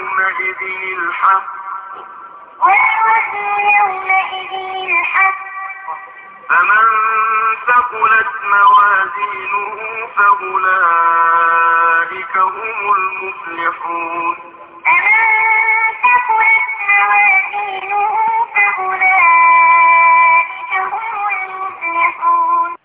يومئذ الحق والوزن يومئذ الحق فمن ثقلت موازينه فأولئك هم المفلحون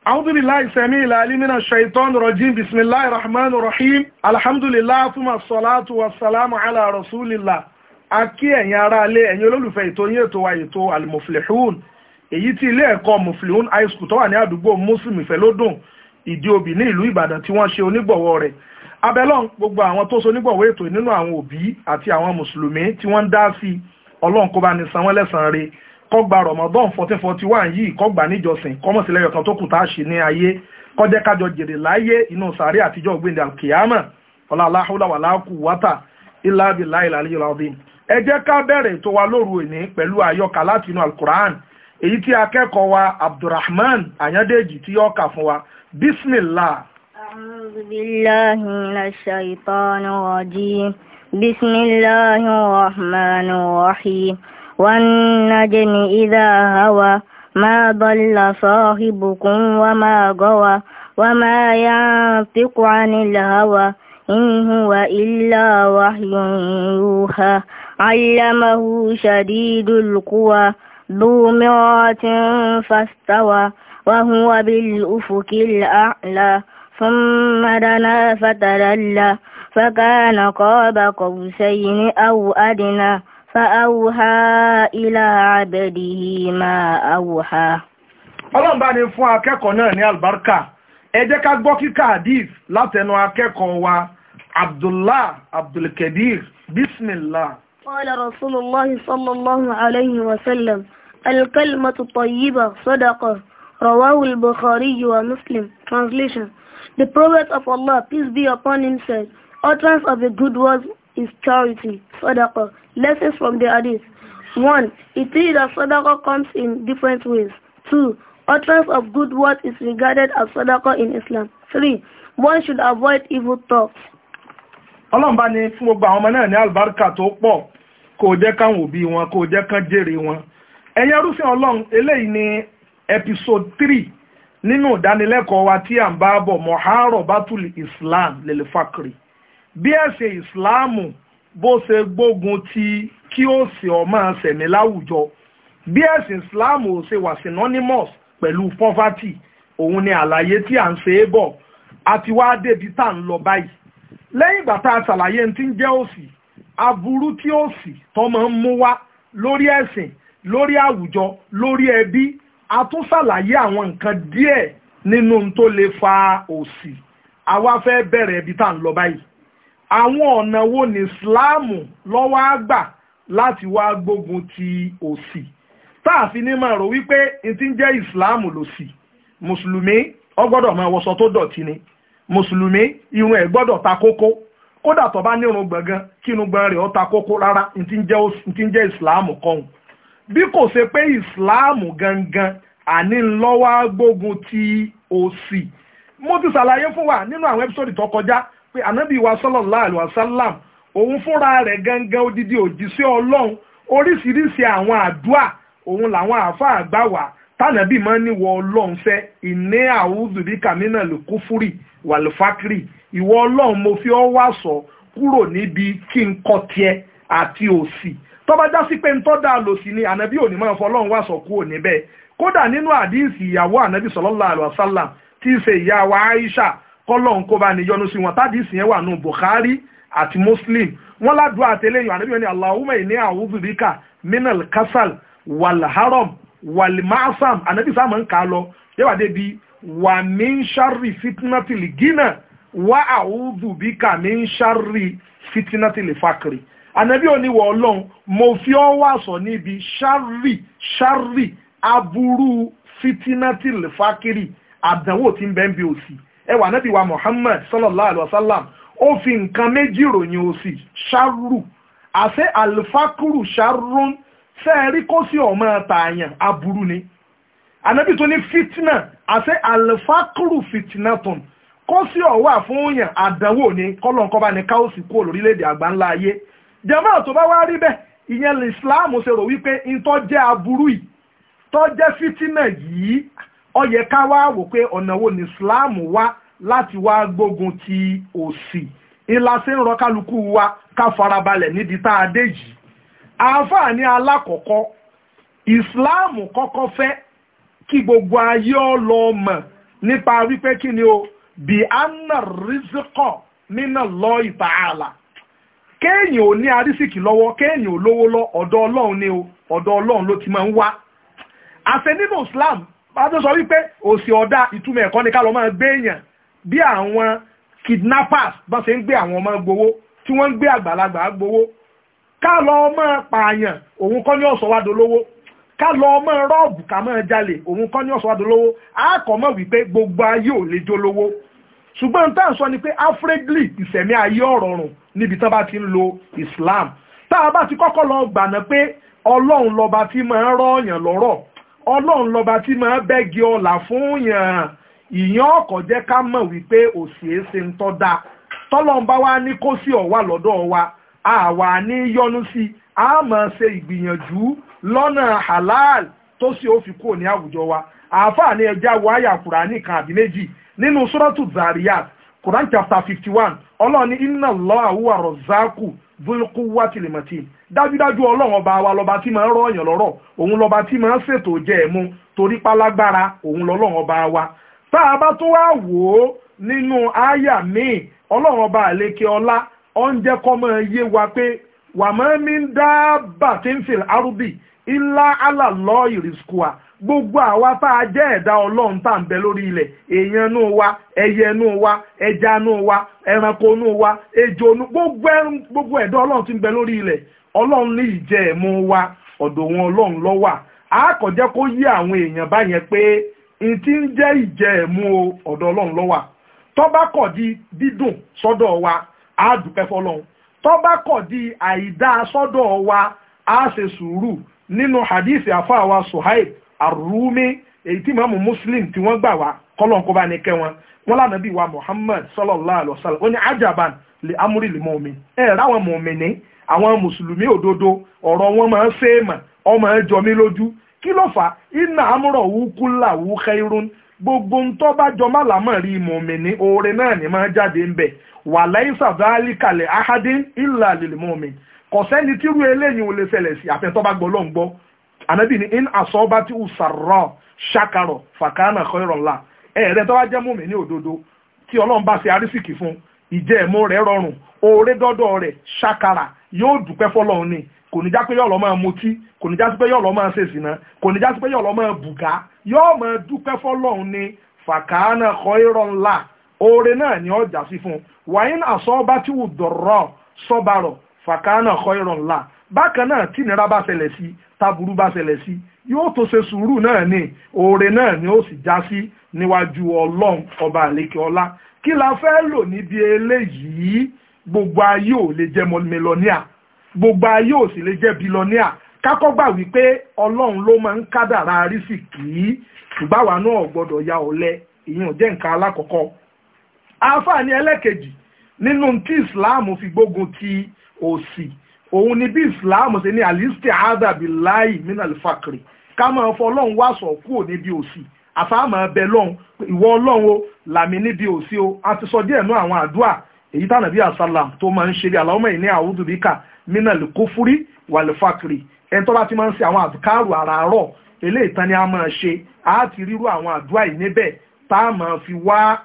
أعوذ بالله السميع العليم من الشيطان الرجيم بسم الله الرحمن الرحيم الحمد لله ثم الصلاة والسلام على رسول الله akí ẹ̀yin ará ilé ẹ̀yin olólùfẹ́ ètò yín ètò wa ètò almoflehun èyí tí ilé ẹ̀kọ́ moflehun high school tó wà ní àdúgbò muslim ìfẹ́lódùn ìdí òbí ní ìlú ìbàdàn tí wọ́n ṣe onígbọ̀wọ́ rẹ̀ abẹ́lọ́n gbogbo àwọn tó so onígbọ̀wọ́ ètò nínú àwọn òbí àti àwọn mùsùlùmí tí wọ́n ń dá sí ọlọ́run kó bá ní san wọ́n lẹ́san rẹ̀ kọ́gbà Ramadan fourteen forty one yìí kọ́gbà níjọsìn kọ́mọ̀sílẹ̀ ọ̀kan tó kù tá a ṣe ní ayé kọ́jẹ́ kájọ jèrè láyé inú sàárè àtijọ́ gbèndé alkiyama ọ̀la aláhùlà wà láàkú wátà ìlàbí láìlà àlejòlá ọdún ẹ jẹ́ ká bẹ̀rẹ̀ ètò wa lóru òní pẹ̀lú àyọkà láti inú alukur'an èyí tí akẹ́kọ̀ọ́ wa abdulrahman ayandeji tí yóò kà fún wa bismillah. أعوذ بالله من والنجم إذا هوى ما ضل صاحبكم وما غوى وما ينطق عن الهوى إن هو إلا وحي يوحى علمه شديد القوى ذو مرة فاستوى وهو بالأفق الأعلى ثم دنا فتدلى فكان قاب قوسين أو أدنى فأوحى إلى عبده ما أوحى ọlọ́run bá ní fún akẹ́kọ̀ọ́ náà ní albarka ẹ jẹ́ ká gbọ́ kíkà hadith látẹnu akẹ́kọ̀ọ́ wa abdullah abdulkadir bismillah. قال رسول الله صلى الله عليه وسلم الكلمة الطيبة صدقة رواه البخاري ومسلم Translation The Prophet of Allah, peace be upon him, said, Utterance of a good word is charity, sadaqah. Lessons from the hadith. One, It is that sadaqah comes in different ways. Two, Utterance of good words is regarded as sadaqah in Islam. Three, One should avoid evil thoughts. Ọlọ́run bá ní fún gbogbo àwọn ọmọ náà ní àlùbáríkà tó pọ̀ kò jẹ́ káwọn òbí wọn kò jẹ́ kán jèrè wọn. Ẹ̀yẹ́ rúfin Ọlọ́run eléyìí ni episode 3 nínú ìdánilẹ́kọ̀ọ́ wa tí à ń bá bọ̀ Mọ̀hárọ̀ Bátùlì Islam lèlè fàkìrì bí ẹ̀sìn ìsìláàmù bó ṣe gbógun ti kí ó sì ọmọ ṣẹ̀mí láwùjọ bí ẹ̀sìn ìsìláàmù ò ṣe wà synonymous pẹ̀lú poverty òun ni àlàyé tí à ń ṣe é bọ̀ àti wá débi tá à ń lọ báyìí lẹ́yìn ìgbà tá a ṣàlàyé ní ti ń jẹ́ òṣì aburú tí òṣì tó máa ń mú wá lórí ẹ̀sìn lórí àwùjọ lórí ẹbí a tún ṣàlàyé àwọn nǹkan díẹ̀ nínú tó lè fa òṣì àwa fẹ́ bẹ̀rẹ̀ ibi tá à ń lọ báyìí àwọn ọ̀nà wo ni ìsìláàmù lọ́wọ́ á gbà láti wá gbógun ti òṣì tá a fi ní máa rò wípé n ti ń jẹ́ ìsìláàmù lòṣì mùsùlùmí ọ gbọ́dọ̀ máa wọṣọ tó dọ̀tí ni mùsùlùmí irun ẹ̀ gbọ́dọ̀ ta kókó kódà tó bá nírun gbọ̀ngàn kí irun gbọ̀ngàn rẹ̀ ó ta kókó rárá n ti ń jẹ́ ìsìláàmù kọ́hún bí kò ṣe pé ìsìláàmù gangan àní ńlọ́wọ́ gbógun ti òṣì mo ti ṣàlàyé fún wa nínú àwọn ẹ́písọ́dì tó kọjá pé ànábì wa sallallahu alaihi wasallam òun fúnra rẹ̀ gangan odidi òjíṣẹ́ ọlọ́run oríṣiríṣi àwọn àdúà òun làwọn àáfàá gbà wá tànàbì máa ń níwọ ọlọ́run fẹ́ ìní àwùzùbí kàmínà lùkúfúrì wàlúfákìrì ìwọ ọlọ́run mo fi ọ́ wá sọ kúrò níbi kí n kọ́ tiẹ̀ àti òsì tọ́ba já sí pé ń tọ́ dáa lòsì ni ànábì òní máa fọ ọlọ́run wá sọ kúrò níbẹ̀ kódà nínú àdíìsì ìyàwó ànábì sallallahu alaihi wasallam tí í ṣe ìyá wa Aisha kọ́lọ́n kó bá ní yọ́nú sí wọn tádì ìsìn yẹn wà nù Bukhari àti Muslim wọn ládùúgbò àtẹlẹyìn àdébíyàn ní Allahumma inni a'udhu bika minal kasal walharam walmasam ànábì sáàmù ń kà á lọ yẹ́wà débi wà fitinatìlì gínà wà a'udhu bika mí ń ṣárì fitinatìlì fàkìrì ànábì òní wọ ọlọ́run mo fi ọ́ wà sọ níbi ṣárì ṣárì aburú fitinatìlì fàkìrì àdánwò tí ń bẹ́ẹ̀ bí òsì ẹwà nábì wa Muhammad sallallahu alaihi wa sallam ó fi nǹkan méjì ròyìn òsì ṣarú àṣẹ alifakuru ṣarún sẹ́ẹ̀rí kó sí ọmọ tààyàn aburú ni ànábì tó ní fitna àṣẹ alifakuru fitna tún kó sí ọwọ́ àfúnyàn àdánwò ni kọ́lọ́nkọ́ba ní káòsì kú olórílẹ̀ àgbáńlá ayé jàmáà tó bá wá rí bẹ́ẹ̀ ìyẹn islam ṣe rò wípé ntọ́jẹ́ aburú yìí tọ́jẹ́ fitina yìí ó yẹ ká wá wò pé ọ̀nà wo ni Islam wá láti wá gbógun ti òṣì ńlá ń rọ kálukú wa ká farabalẹ̀ níbi tá a dé yìí àǹfààní alákọ̀ọ́kọ́ Islam kọ́kọ́ fẹ́ kí gbogbo ayé ọ mọ̀ nípa wípé kí ni o bí anna rizikọ mina lọ ìtààlà kéèyàn ò ní arísìkì lọ́wọ́ kéèyàn ò lówó lọ ọ̀dọ̀ ọlọ́run ni o ọ̀dọ̀ ọlọ́run ló ti máa ń wá àṣẹ nínú Islam bá tó sọ wípé òsì ọ̀dà ìtumọ̀ ẹ̀kọ́ ni ká lọ máa gbé èèyàn bí àwọn kidnappers bá ṣe ń gbé àwọn ọmọ gbowó tí wọ́n ń gbé àgbàlagbà gbowó ká lọ máa pààyàn òun kọ́ ní ọ̀sọ̀ wádò lówó ká lọ máa rọ́ọ̀bù ká máa jalè òun kọ́ ní ọ̀sọ̀ wádò lówó a kò mọ̀ wípé gbogbo ayé ò lè jó lówó ṣùgbọ́n tá à ń sọ ni pé afrégli ìsẹ̀mí ayé ọ̀rọ̀rùn níbi tán bá ti ń lo Islam tá a bá ti kọ́kọ́ lọ gbàná pé Ọlọ́run lọba tí máa ń rọ́ọ̀yàn lọ́rọ̀ ọlọ́run lọ́ba tí máa bẹ́gi ọ̀la fún yàn ìyàn ọkọ̀ jẹ́ ká mọ̀ wípé òsì èsè ń tọ́ da tọ́lọ́run bá wá ní kó sí ọ̀wà lọ́dọ̀ wa àwa ní yọnu sí a máa ṣe ìgbìyànjú lọ́nà halal tó sì ó fi kúrò ní àwùjọ wa àáfàá ní ẹja wo àyà kùránì kan àbí méjì nínú sọ́rọ́tù zariyat quran chapter fifty one ọlọ́run ní inna Allahu huwa razzaqu bulkuwati limati dájúdájú ọlọ́run ọba wa lọ́ba tí máa ń rọ èèyàn lọ́rọ̀ òun lọ́ba tí máa ń ṣètò jẹ́ ẹ̀mú torí pálágbára òun lọ́lọ́run ọba wa tá a bá tún wá wò ó nínú àyà míì ọlọ́run ọba àlékè ọlá ó ń jẹ́ kó máa yé wa pé wàmọ́ mi ń dá bàtí arúbì ilá alàlọ́ ìrìsùkùà gbogbo àwa tá a jẹ́ ẹ̀dá ọlọ́run tá à ń bẹ lórí ilẹ̀ èèyàn inú wa ẹyẹ inú wa ẹja inú wa ẹranko inú wa ejò inú gbogbo ẹ̀dá ọlọ́run tí ń bẹ lórí ilẹ̀ ọlọ́run ní ìjẹ́ ẹ̀mú wa ọ̀dọ̀ wọn ọlọ́run ló wà á kò jẹ́ kó yé àwọn èèyàn báyẹn pé n ti ń jẹ́ ìjẹ́ ẹ̀mú ọ̀dọ̀ ọlọ́run ló wà tó kọ̀ di dídùn sọ́dọ̀ wa á dúpẹ́ fọlọ́run tó bá kọ̀ di àìdá sọ́dọ̀ wa á ṣe sùúrù nínú hadith àfáàwá suhaib arúmi èyí tí mọ́mù muslim tí wọ́n gbà wá kọ́lọ́nkọ́ bá ní kẹ́ wọn wọn wa muhammad sallallahu alayhi wa sallam ó ní ajaban lè amúrí lè mọ̀ọ́mì ẹ̀ ráwọn mọ̀ọ́mìnì àwọn mùsùlùmí òdodo ọ̀rọ̀ wọn máa ń ṣe é mà ọ máa ń jọ mí lójú kí ló fà iná amúrọ̀ wúkú gbogbo ń tọ́ bá jọ málàmọ́ rí oore náà ni máa jáde ń bẹ̀ kalẹ̀ ahadin ìlà lè kò sẹ́ni tírú eléyìí ò lè ṣẹlẹ̀ sí àfẹ́tọ́ bá gbọ́ lọ́n gbọ́ ànábì ní in asọ́ba tí ó sàrọ̀ ṣàkàrọ̀ fàkàánà kọ́rọ̀ ńlá ẹ̀ẹ́dẹ́ tó bá jẹ́ mùmí ní òdodo tí ọlọ́run bá ṣe arísìkì fún ìjẹ́ ẹ̀mú rẹ̀ rọrùn oore dọ́dọ̀ rẹ̀ ṣàkàrà yóò dúpẹ́ fọlọ́run ni kò ní já pé yọ̀ọ́ máa mutí kò ní já sí pé yọ̀ọ́ lọ́ máa ṣèṣìnà kò ní já sí pé yọ̀ọ́ máa bùgá yọ̀ọ́ máa dúpẹ́ fọlọ́run ni fàkàánà kọ́rọ̀ ńlá oore náà ni ọjà sí fún wàyín àsọ́ọ́bá tí ò dọ̀rọ̀ sọ́barọ̀ fàkánà kọ́ ìrọ̀lá bákan náà tí ìnira bá ṣẹlẹ̀ sí taburú bá ṣẹlẹ̀ sí yóò tó ṣe sùúrù náà ni oore náà ni ó sì já sí níwájú ọlọ́run ọba àlékè ọlá kí la fẹ́ lò níbi eléyìí gbogbo ayé ò lè jẹ́ mẹlọ́níà gbogbo ayé ò sì lè jẹ́ bilọ́níà kákọ́ gbà wípé ọlọ́run ló máa ń kádàrá arísìkí ṣùgbọ́n àwa náà gbọ́dọ̀ ya ọ̀lẹ ìyẹn jẹ́ nǹkan alákọ̀ọ́kọ́ àǹfààní ẹlẹ́kejì nínú tí Islam fi gbógun ti òsì òun ni bí islam ṣe ní alistair adabi lai minal fakri ká máa fọ ọlọ́run wá sọ kúrò níbi òsì àfàmà bẹ lọ́hùn ìwọ ọlọ́run o làmì níbi òsì o a ti sọ díẹ̀ nú àwọn àdúà èyí tànà bí àsálàm tó máa ń ṣe bí aláwọ̀mọ̀ ìní àwùjọ bíkà minal kófúrí wàlífàkiri ẹni tó bá ti máa ń ṣe àwọn àdúkàrù àràárọ̀ eléyìí tán ni a máa ṣe a ti ríru àwọn àdúà yìí tá a máa fi wá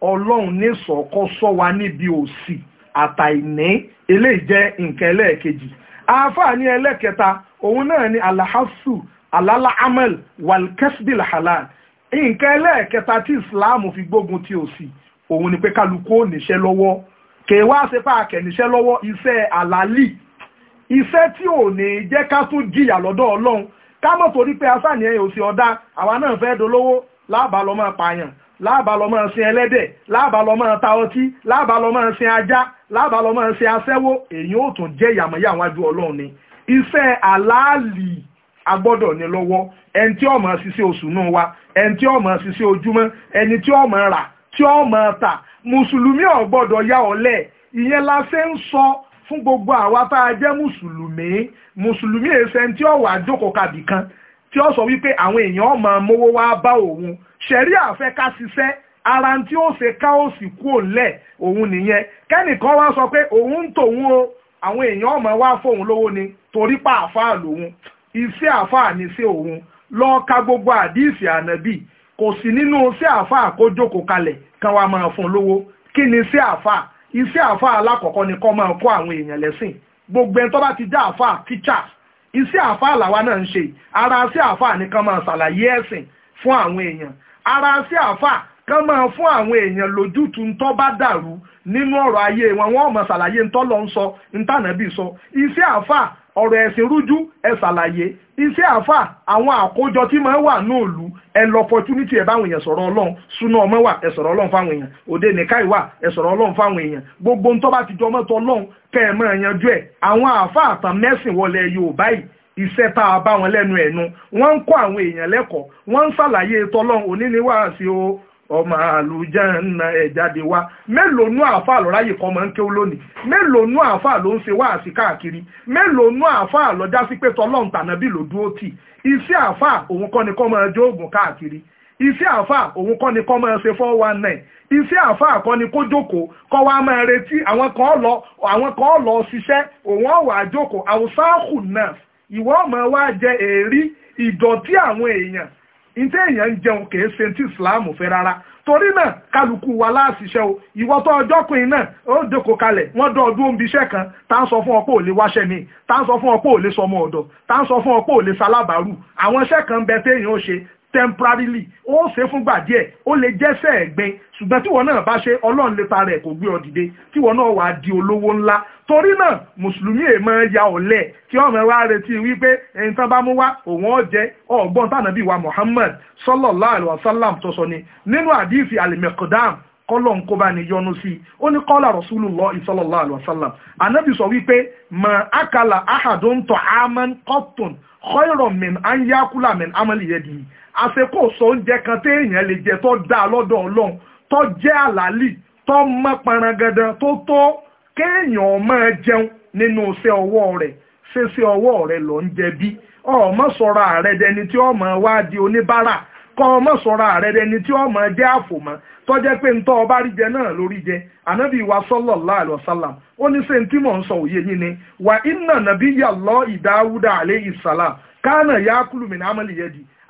ọlọ́run ní sọ̀kọ́ sọ wa níbi òsì àtàìní eléyìí jẹ́ nǹkan ẹlẹ́ẹ̀kejì àfààní ẹlẹ́ẹ̀kẹta òun náà ni alahasu alala amel walkesbil halal nǹkan ẹlẹ́ẹ̀kẹta tí islam fi gbógun ti òṣì òun ni pé kálukú ò níṣẹ́ lọ́wọ́ kèwá ṣe pààkẹ́ níṣẹ́ lọ́wọ́ iṣẹ́ àlálì iṣẹ́ tí ò ní jẹ́ ká tún jìyà lọ́dọ̀ ọlọ́run ká mọ̀ torí pé asáàní ẹ̀yìn òsì ọ̀dá àwa náà fẹ́ dolówó lábàá lọ́ láàbà lọ máa sin ẹlẹ́dẹ̀ láàbà lọ máa ta ọtí láàbà lọ máa sin ajá láàbà máa sin aṣẹ́wó èyí ò tún jẹ́ ìyàmọ̀yà àwọn ajú ọlọ́run ni iṣẹ́ àlàálì agbọ́dọ̀ ní lọ́wọ́ ẹni tí ó ṣiṣẹ́ oṣù náà wa ẹni tí ó máa ṣiṣẹ́ ojúmọ́ ẹni tí ó máa rà tí ó máa tà mùsùlùmí ò gbọ́dọ̀ yá ọ̀lẹ ìyẹn la ṣe ń sọ fún gbogbo àwa tá a jẹ́ mùsùlùmí mùsùlùmí èsẹ̀ ẹni tí ó wà kàbì kan tí ó sọ wípé àwọn èèyàn máa mówó wá bá òun ṣẹ̀rí àfẹ́ ká ṣiṣẹ́ ara tí ó ṣe ká ó sì kú òǹlẹ̀ òun nìyẹn kẹ́nìkan wá sọ pé òun ń tòun o àwọn èèyàn máa wá fóun lówó ni torí pa àfáà lòun iṣẹ́ àfáà ní sí òun lọ ka gbogbo àdíìsì ànábì kò sí nínú iṣẹ́ àfáà kó jókòó kalẹ̀ kan wá máa fún lówó kí ni iṣẹ́ àfáà iṣẹ́ àfáà alákọ̀ọ́kọ́ ni kó máa kó àwọn èèyàn lẹ́sìn gbogbo ẹni tó bá ti dá àfáà teachers iṣẹ́ àáfàá làwa náà ń ṣe ara iṣẹ́ àáfàá nìkan máa ṣàlàyé ẹ̀sìn fún àwọn èèyàn ara iṣẹ́ àáfàá ká máa fún àwọn èèyàn lójútùú ntọ́ bá dàrú nínú ọ̀rọ̀ ayé wọn wọ́n mọ̀ ṣàlàyé ntọ́ lọ ń sọ ntànàbí sọ iṣẹ́ àfà ọ̀rọ̀ ẹ̀sìn rújú ẹ ṣàlàyé iṣẹ́ àfà àwọn àkójọ tí máa wà ní òlu ẹ lọ opportunity èèyàn sọ̀rọ̀ ọlọ́run súná ọmọ wà ẹ sọ̀rọ̀ ọlọ́run fáwọn èèyàn òde nìkáì wà ẹ sọ̀rọ̀ ọlọ́run fáwọn èèyàn gbogbo ntọ́ bá ti jọ mọ́tọ́ ọlọ́run kẹ́ ẹ máa yanjú ẹ̀ àwọn àfà àtàn mẹ́sìn wọlé Yorùbá yìí iṣẹ́ tá a wọn lẹ́nu wọ́n ń kọ́ àwọn èèyàn lẹ́kọ̀ọ́ o ọmọ àlùjánnà ẹ̀ jáde wá mélòó nú àáfà lọ ráyè kọ́ máa ń kéwú lónìí mélòó nú àáfà ló ń ṣe wáàsí káàkiri mélòó nú àáfà lọ já sí pé tọ́lọ́n tànàbí ló dúró tì iṣẹ́ àáfà òun kọ́ ni kọ́ máa jó oògùn káàkiri iṣẹ́ àáfà òun kọ́ ni kọ́ máa ṣe four one nine iṣẹ́ àáfà kọ́ ni kó jókòó kọ́ wa máa retí àwọn kan lọ àwọn kan lọ ṣiṣẹ́ òun ọ̀wà jókòó àwòsáàkù náà ìwọ́ ọmọ wa jẹ èrí ìdọ̀tí àwọn èèyàn ìtẹ́ èèyàn ń jẹun kìí ṣe tí islam fẹ́ rárá torí náà kálukú wa láàṣìṣẹ́ o ìwọ tó ọjọ́ pin náà ó dẹ́kọ̀ kalẹ̀ wọ́n dọ̀ ọdún omi iṣẹ́ kan tá ń sọ fún ọ pé ò lè wáṣẹ́ mi tá ń sọ fún ọ pé ò lè sọmọ ọ̀dọ̀ tá ń sọ fún ọ pé ò lè ṣalábàárù àwọn iṣẹ́ kan bẹ téèyàn ó ṣe temporarily ó ṣe fúngbà díẹ̀ ó lè jẹ́sẹ̀ ẹ̀gbin ṣùgbọ́n tíwọ náà bá ṣe ọlọ́run lè para ẹ̀ kò gbé ọ dìde tíwọ náà wàá di olówó ńlá torí náà mùsùlùmí èèmọ ya ọ̀lẹ tí ọmọ wa retí wípé ẹni tán bá mú wá òun ọ̀jẹ́ ọ̀gbọ́n tànàbí wa Muhammad sallallahu alaihi wasallam tó sọ ni nínú àdìsí alimẹ̀kọ̀dáàmù kọ́lọ̀ ń kó bá ní yọnu sí ó ní kọ́lá Rasulullah sallallahu alaihi wasallam anábì sọ wípé mà ákàlà ahadun ta'aman qattun khayran min an yakula min amali yadihi àṣekò sọ oúnjẹ kan téèyàn lè jẹ tó dá lọ́dọ̀ ọlọ́run tó jẹ́ àlàálì tó mọ́ parangandan tó tó kéèyàn máa jẹun nínú iṣẹ́ ọwọ́ rẹ ṣe ṣe ọwọ́ rẹ lọ ń ọmọ sọrọ ààrẹ dẹni tí ọmọ wá di oníbàárà ọmọ ààrẹ dẹni tí ọmọ pé ọba náà lórí jẹ ànábì wa ó ní tí mò ń sọ òye yín ni wà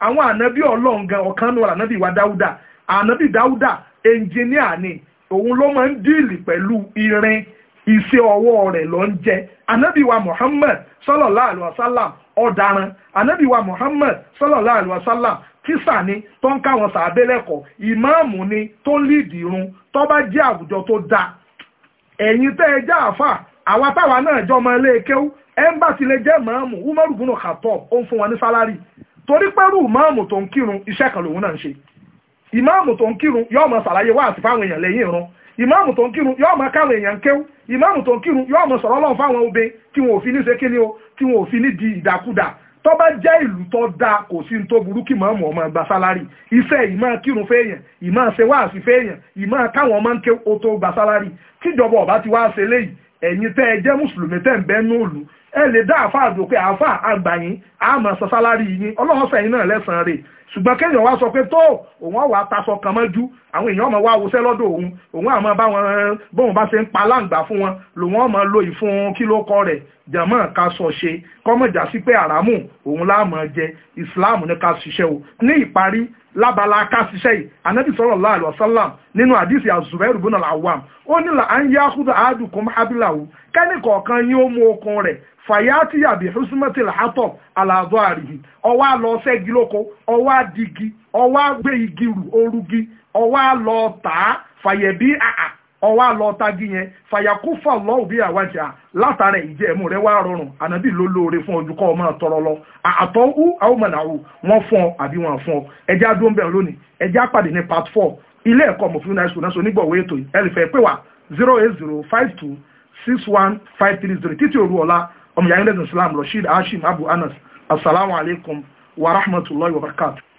àwọn ànábì ọlọ́run gan ọ̀kan ní wọn ànábì wa dáúdà ànábì dáúdà ẹnjìníà ni òun ló máa ń díìlì pẹ̀lú irin iṣẹ́ ọwọ́ rẹ̀ ló ń jẹ ànábì wa Muhammad sallallahu alaihi wasallam ọ̀daràn ànábì wa Muhammad sallallahu alaihi wasallam tísà ni tó ń káwọn sàábé lẹ́kọ̀ọ́ ìmáàmù ni tó ń líìdì irun tó bá jẹ́ àwùjọ tó dáa ẹ̀yin tẹ́ ẹ já àfà àwa táwa náà jọmọ ilé kéwú ẹ̀ ń bá tilẹ̀ jẹ́ màámù Umaru bunu Khattab ó ń fún wọn ní sálárì torí pẹ́rù ìmáàmù tó ń kírun iṣẹ́ kan lòun náà ń ṣe ìmáàmù tó ń kírun yóò máa ṣàlàyé wáàsí fáwọn èèyàn lẹ́yìn ìran ìmáàmù tó ń kírun yóò máa káwọn èèyàn kéw ìmáàmù tó ń kírun yóò máa sọ̀rọ̀ lọ́n fáwọn obìnrin tí wọn ò fi ní ṣe kíni o tí wọn ò fi ní di ìdàkudà tó bá jẹ́ ìlú tó dáa kò sí ní tó burú kí màmú ọmọ gba sálárì iṣẹ́ ìmáà kírun fẹ́yàn ìmáà ṣe wáàsí fẹ́yàn ìmáà káwọn ọmọ ń ké o tó gba sálárì tíjọba ọba ti wá ṣe léyìí ẹ̀yin tẹ́ ẹ jẹ́ mùsùlùmí tẹ́ ń bẹ́ẹ̀ ní òòlù ẹ lè dá àfa àdùnkẹ́ àfa àgbàyìn àmọ̀ sọ sálárì yín ọlọ́run sẹ́yìn náà lẹ́sàn-án rẹ̀ ṣùgbọ́n kéèyàn wá sọ pé tó òun wà taṣọ kan mọ́jú àwọn èèyàn ọmọ wá wọṣẹ́ lọ́dọ̀ òun òun àmọ́ bá wọn bóun bá ṣe ń pa láǹgbà fún wọn lòun ọmọ lo ìfun kí ló kọ rẹ̀ jàmọ́ ká sọ ṣe kọ́mọ̀jà sí pé àràmù òun láàmọ̀ jẹ ìsìláàmù ní ká ṣiṣẹ́ o ní ìparí lábala ká ṣiṣẹ́ yìí anabi sallallahu alaihi wasallam nínú àdìsí àzùbẹ́rù bùnà làwàm ó ní là á ń yá kúdà àádùkún abiláwo kẹ́ni kọ̀ọ̀kan yín ó mú okun rẹ̀ fàyàtì àbí húsùmọ́tì làátọ̀ aláàbọ̀ àríyìn ọwọ́ àlọ́ ṣẹ́gi lóko ọwọ́ àdìgí ọwọ́ àgbẹ̀ igi rù orúgi ọwọ́ àlọ́ tàá fàyẹ̀bí àà ọwọ́ àlọ́ tagi yẹn fàyàkúfà lọ́wọ́ àwájà látara ìjẹ́ ẹ̀mú rẹ wá rọrùn ànábì ló fún ojú kọ́ ọmọ tọrọ lọ àtọ́ ú àwòmọ̀nàwò wọ́n fún ọ àbí wọ́n fún ọ ẹjẹ́ adúmbẹ̀ lónìí ẹjẹ́ àpàdé ní part four ilé ẹ̀kọ́ mọ̀fún náà ṣùgbọ́n onígbọ̀wé ètò ẹ̀rìfẹ́ pé wà zero eight zero five two six one five three zero títí òru ọ̀la ọmọ yahoo islam rasheed hashim abu anas asalaamualeykum wa rahmatulahi wa barakatuh.